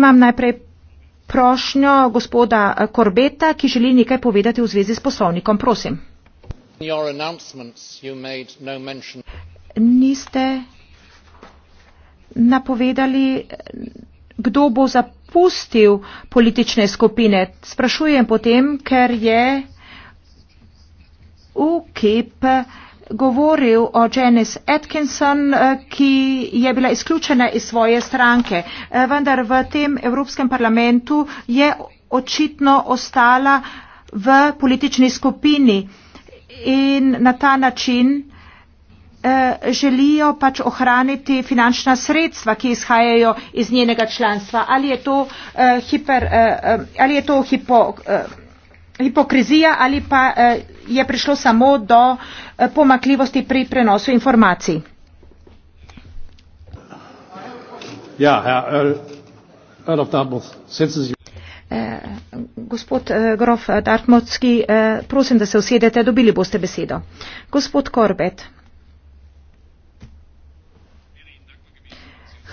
Imam najprej prošnjo gospoda eh, Korbeta, ki želi nekaj povedati v zvezi s poslovnikom. Prosim. No Niste napovedali, kdo bo zapustil politične skupine. Sprašujem potem, ker je UKIP. Uh, govoril o Janice Atkinson, eh, ki je bila izključena iz svoje stranke, eh, vendar v tem Evropskem parlamentu je očitno ostala v politični skupini in na ta način eh, želijo pač ohraniti finančna sredstva, ki izhajajo iz njenega članstva. Ali je to, hiper, ali je to hipo, hipokrizija ali pa eh, je prišlo samo do eh, pomakljivosti pri prenosu informacij. Ja, ja, er, eh, Gospod grof Dartmotski, prosim, da se usedete, dobili boste besedo. Gospod Korbet,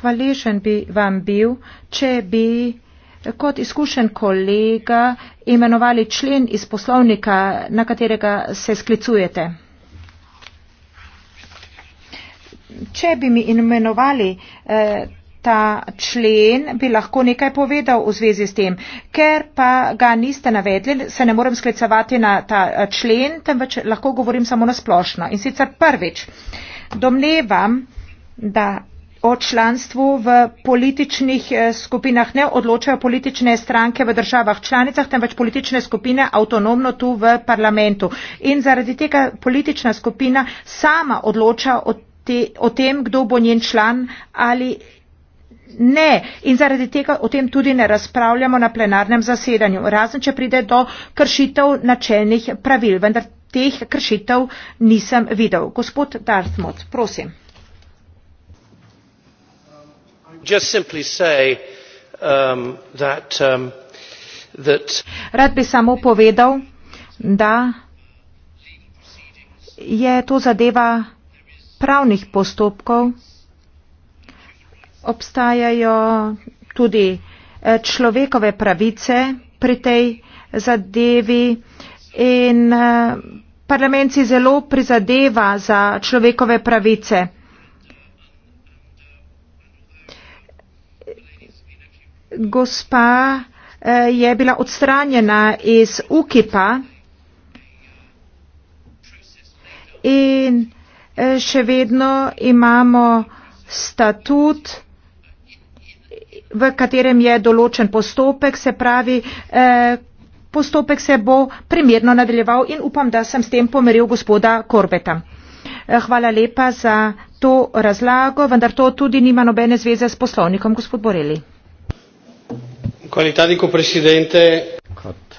hvaležen bi vam bil, če bi kot izkušen kolega imenovali člen iz poslovnika, na katerega se sklicujete. Če bi mi imenovali eh, ta člen, bi lahko nekaj povedal v zvezi s tem. Ker pa ga niste navedli, se ne morem sklicovati na ta eh, člen, temveč lahko govorim samo na splošno. In sicer prvič, domnevam, da o članstvu v političnih eh, skupinah ne odločajo politične stranke v državah članicah, temveč politične skupine avtonomno tu v parlamentu. In zaradi tega politična skupina sama odloča o, te, o tem, kdo bo njen član ali ne. In zaradi tega o tem tudi ne razpravljamo na plenarnem zasedanju, razen če pride do kršitev načelnih pravil. Vendar teh kršitev nisem videl. Gospod Darth Mot, prosim just simply say um, that um, that Rad bi samo povedal, da je to zadeva pravnih postopkov. Obstajajo tudi eh, človekove pravice pri tej zadevi in eh, parlament si zelo prizadeva za človekove pravice. gospa eh, je bila odstranjena iz UKIP-a in eh, še vedno imamo statut, v katerem je določen postopek, se pravi, eh, postopek se bo primerno nadaljeval in upam, da sem s tem pomeril gospoda Korbeta. Hvala lepa za to razlago, vendar to tudi nima nobene zveze s poslovnikom, gospod Boreli qualità di copresidente kot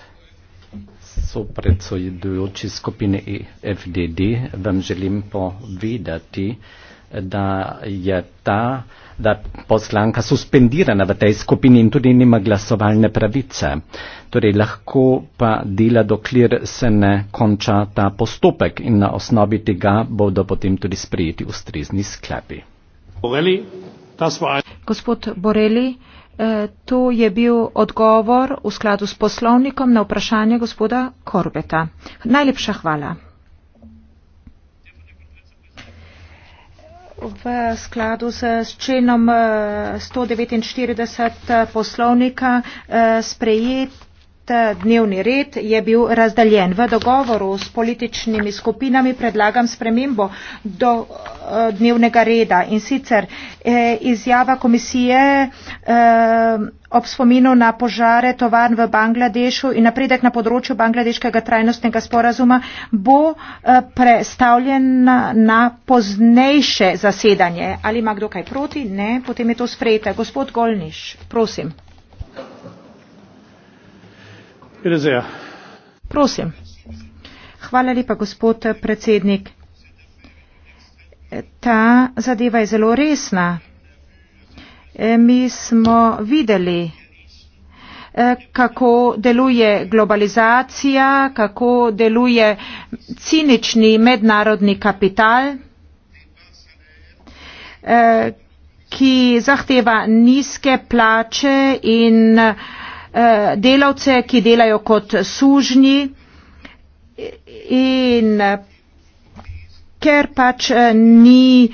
sopredsojujoči skupine FDD vam želim povedati, da je ta da poslanka suspendirana v tej skupini in tudi nima glasovalne pravice. Torej lahko pa dela, dokler se ne konča ta postopek in na osnovi tega bodo potem tudi sprejeti ustrezni sklepi. Borelli, Gospod Boreli, Eh, to je bil odgovor v skladu s poslovnikom na vprašanje gospoda Korbeta. Najlepša hvala. V skladu s členom 149 eh, eh, poslovnika sprejet ta dnevni red je bil razdaljen. V dogovoru s političnimi skupinami predlagam spremembo do eh, dnevnega reda in sicer eh, izjava komisije eh, ob spominu na požare tovarn v Bangladešu in napredek na področju bangladeškega trajnostnega sporazuma bo prestavljena na poznejše zasedanje. Ali ima kdo kaj proti? Ne. Potem je to sprejete. Gospod Golniš, prosim. Elizeja. Prosim. Hvala lepa, gospod predsednik. Ta zadeva je zelo resna. E, mi smo videli, e, kako deluje globalizacija, kako deluje cinični mednarodni kapital, e, ki zahteva nizke plače in Eh, delavce, ki delajo kot sužnji in eh, ker pač eh, ni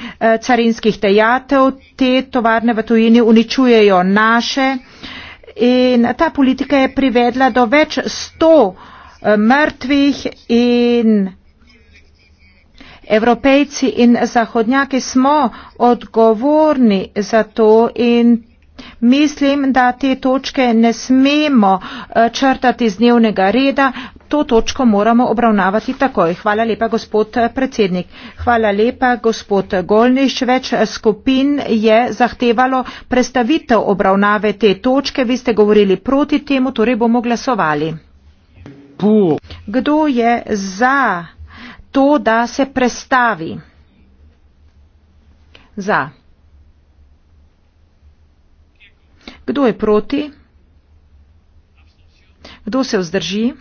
carinskih dejatev, te tovarne v tujini uničujejo naše in ta politika je privedla do več sto mrtvih in Evropejci in Zahodnjaki smo odgovorni za to in mislim, da te točke ne smemo eh, črtati z dnevnega reda. To točko moramo obravnavati takoj. Hvala lepa, gospod eh, predsednik. Hvala lepa, gospod eh, Golniš. Več skupin je zahtevalo predstavitev obravnave te točke. Vi ste govorili proti temu, torej bomo glasovali. Kdo je za to, da se prestavi? Za. Kdo je proti? Kdo se vzdrži?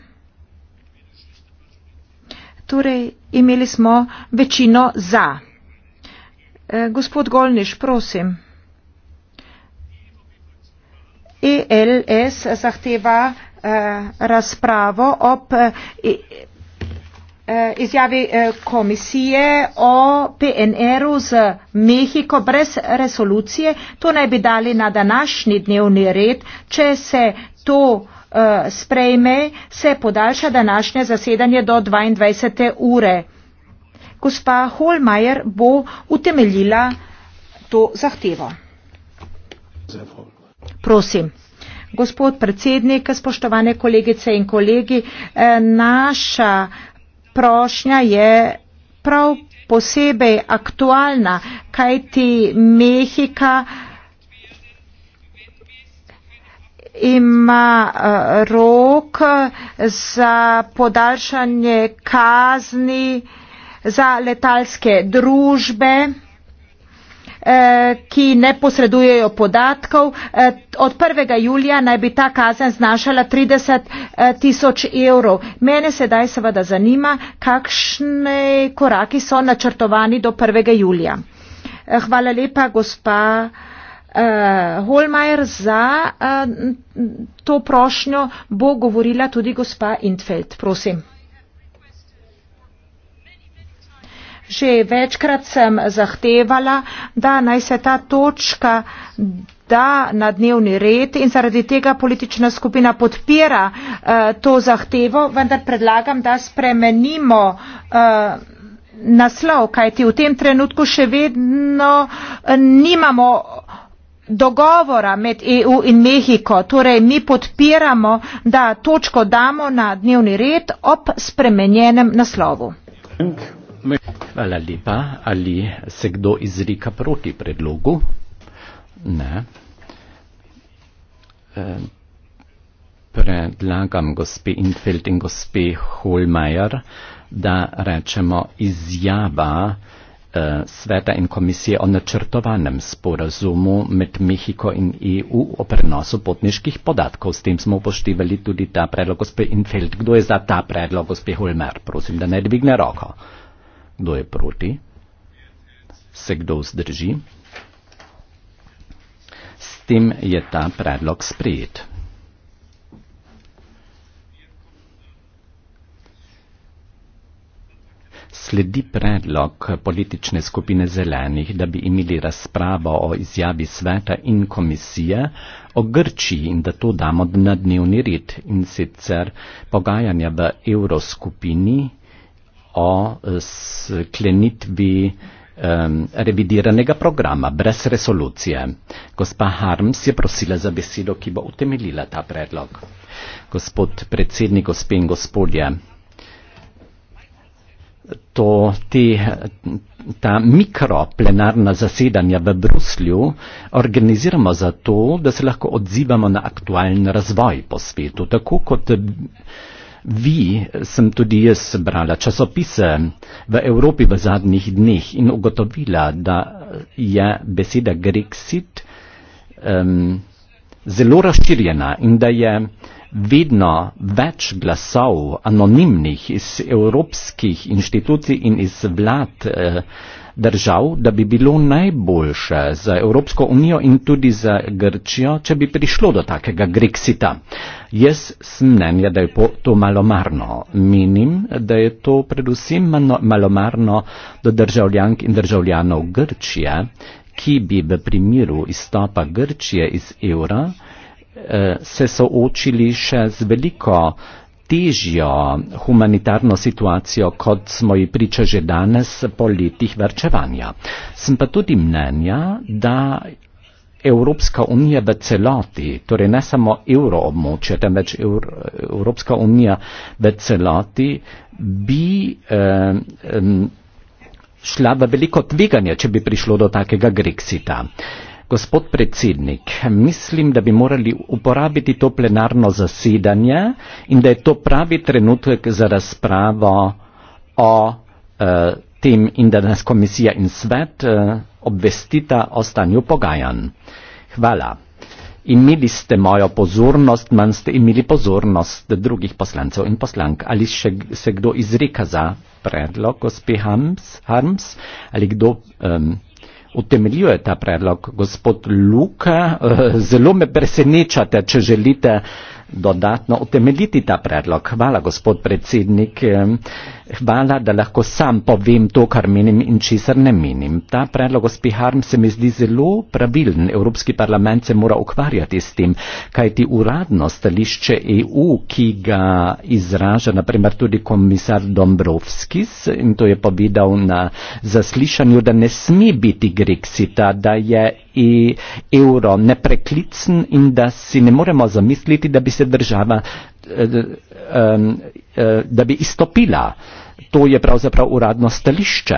Torej, imeli smo večino za. Eh, gospod Golniš, prosim. ELS zahteva eh, razpravo ob. Eh, Eh, izjavi eh, komisije o PNR-u z Mehiko brez resolucije. To naj bi dali na današnji dnevni red. Če se to eh, sprejme, se podaljša današnje zasedanje do 22. ure. Gospa Holmajer bo utemeljila to zahtevo. Prosim. Gospod predsednik, spoštovane kolegice in kolegi, naša prošnja je prav posebej aktualna, kajti Mehika ima eh, rok za podaljšanje kazni za letalske družbe. Eh, ki ne posredujejo podatkov. Eh, od 1. julija naj bi ta kazen znašala 30 eh, tisoč evrov. Mene sedaj seveda zanima, kakšne koraki so načrtovani do 1. julija. Hvala lepa, gospa Holmajer, za to prošnjo bo govorila tudi gospa Intfeld. Prosim. Že večkrat sem zahtevala, da naj se ta točka da na dnevni red in zaradi tega politična skupina podpira eh, to zahtevo, vendar predlagam, da spremenimo eh, naslov, kajti v tem trenutku še vedno eh, nimamo dogovora med EU in Mehiko. Torej, mi podpiramo, da točko damo na dnevni red ob spremenjenem naslovu. Me Hvala lepa. Ali se kdo izrika proti predlogu? Ne. E, predlagam gospe Infeld in gospe Holmeier, da rečemo izjava e, sveta in komisije o načrtovanem sporazumu med Mehiko in EU o prenosu potniških podatkov. S tem smo upoštevali tudi ta predlog gospe Infeld. Kdo je za ta predlog gospe Holmer? Prosim, da ne dvigne roko. Uh, Kdo je proti? Se kdo vzdrži? S tem je ta predlog sprejet. Sledi predlog politične skupine zelenih, da bi imeli razpravo o izjavi sveta in komisije o Grčiji in da to damo na dnevni red in sicer pogajanja v evroskupini o eh, sklenitvi um, revidiranega programa brez resolucije. Gospa Harms je prosila za besedo, ki bo utemeljila ta predlog. Gospod predsednik, gospe in gospodje, to, te, ta mikroplenarna zasedanja v Bruslju organiziramo zato, da se lahko odzivamo na aktualen razvoj po svetu, tako kot Vi, sem tudi jaz brala časopise v Evropi v zadnjih dneh in ugotovila, da je beseda Grexit um, zelo razširjena in da je vedno več glasov anonimnih iz evropskih inštitucij in iz vlad eh, držav, da bi bilo najboljše za Evropsko unijo in tudi za Grčijo, če bi prišlo do takega Grexita. Jaz sem mnenja, da je to malomarno. Menim, da je to predvsem malomarno do državljank in državljanov Grčije, ki bi v primeru izstopa Grčije iz evra eh, se soočili še z veliko težjo humanitarno situacijo, kot smo ji priča že danes po letih vrčevanja. Sem pa tudi mnenja, da Evropska unija v celoti, torej ne samo euroobmočje, temveč Evropska unija v celoti bi eh, šla v veliko tveganje, če bi prišlo do takega Grexita. Gospod predsednik, mislim, da bi morali uporabiti to plenarno zasedanje in da je to pravi trenutek za razpravo o eh, tem in da nas komisija in svet eh, obvestita o stanju pogajanj. Hvala imeli ste mojo pozornost, manj ste imeli pozornost drugih poslancev in poslank. Ali še, se kdo izreka za predlog gospe Harms, Harms ali kdo um, utemeljuje ta predlog? Gospod Luka, uh, zelo me presenečate, če želite uh, dodatno utemeljiti ta predlog. Hvala, gospod predsednik. Hvala, da lahko sam povem to, kar menim in česar ne menim. Ta predlog o spiharm se mi zdi zelo pravilen. Evropski parlament se mora ukvarjati s tem, kajti uradno stališče EU, ki ga izraža naprimer tudi komisar Dombrovskis in to je povedal na zaslišanju, da ne sme biti Grexita, da je evro nepreklicen in da si ne moremo zamisliti, da bi se država, eh, eh, um, eh, da bi istopila. To je pravzaprav uradno stališče.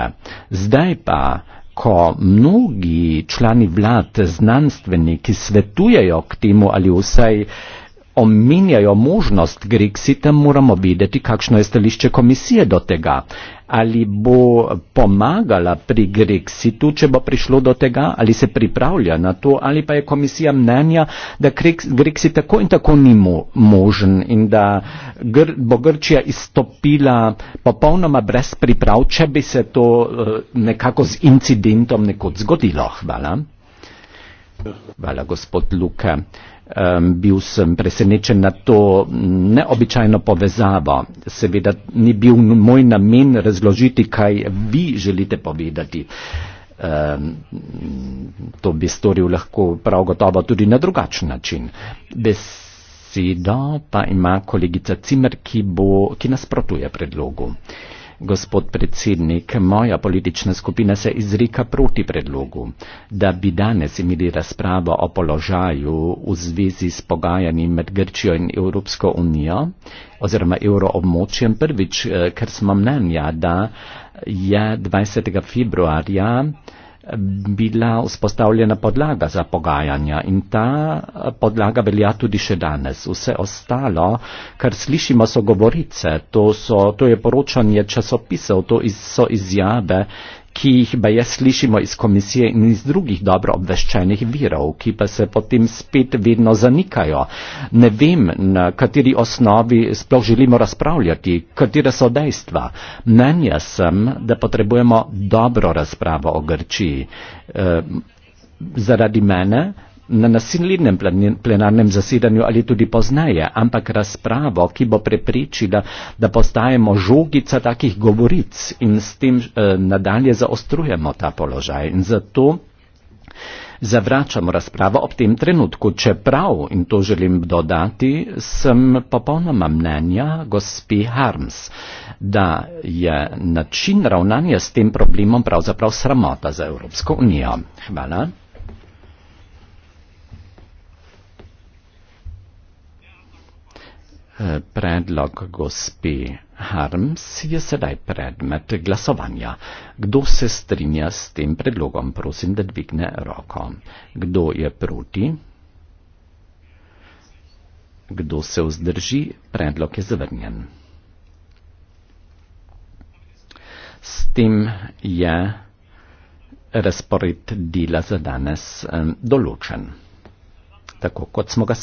Zdaj pa, ko mnogi člani vlad, znanstveniki svetujejo k temu ali vsaj omenjajo možnost Grexita, moramo videti, kakšno je stališče komisije do tega. Ali bo pomagala pri Grexitu, če bo prišlo do tega, ali se pripravlja na to, ali pa je komisija mnenja, da Grexit tako in tako ni možen in da bo Grčija izstopila popolnoma brez priprav, če bi se to eh, nekako z incidentom nekod zgodilo. Hvala. Hvala, gospod Luka. Um, bil sem presenečen na to neobičajno povezavo. Seveda ni bil moj namen razložiti, kaj vi želite povedati. Um, to bi storil lahko prav gotovo tudi na drugačen način. Besedo pa ima kolegica Cimer, ki, bo, ki nasprotuje predlogu. Uh, Gospod predsednik, moja politična skupina se izrika proti predlogu, da bi danes imeli razpravo o položaju v zvezi s pogajanji med Grčijo in Evropsko unijo oziroma evroobmočjem prvič, eh, ker smo mnenja, da je 20. februarja bila vzpostavljena podlaga za pogajanja in ta podlaga velja tudi še danes. Vse ostalo, kar slišimo, so govorice, to, so, to je poročanje časopisov, to iz, so izjave, ki jih baje slišimo iz komisije in iz drugih dobro obveščenih virov, ki pa se potem spet vedno zanikajo. Ne vem, na kateri osnovi sploh želimo razpravljati, katere so dejstva. Mnenja sem, da potrebujemo dobro razpravo o Grčiji. E, zaradi mene na naslednjem plenarnem zasedanju ali tudi poznaje, ampak razpravo, ki bo preprečila, da postajemo žogica takih govoric in s tem eh, nadalje zaostrujemo ta položaj. In zato zavračamo razpravo ob tem trenutku. Čeprav, in to želim dodati, sem popolnoma mnenja gospe Harms, da je način ravnanja s tem problemom pravzaprav sramota za Evropsko unijo. Hvala. Eh, predlog gospe Harms je sedaj predmet glasovanja. Kdo se strinja s tem predlogom, prosim, da dvigne roko. Kdo je proti? Kdo se vzdrži? Predlog je zavrnjen. S tem je razpored dela za danes eh, določen, tako kot smo ga spremljali.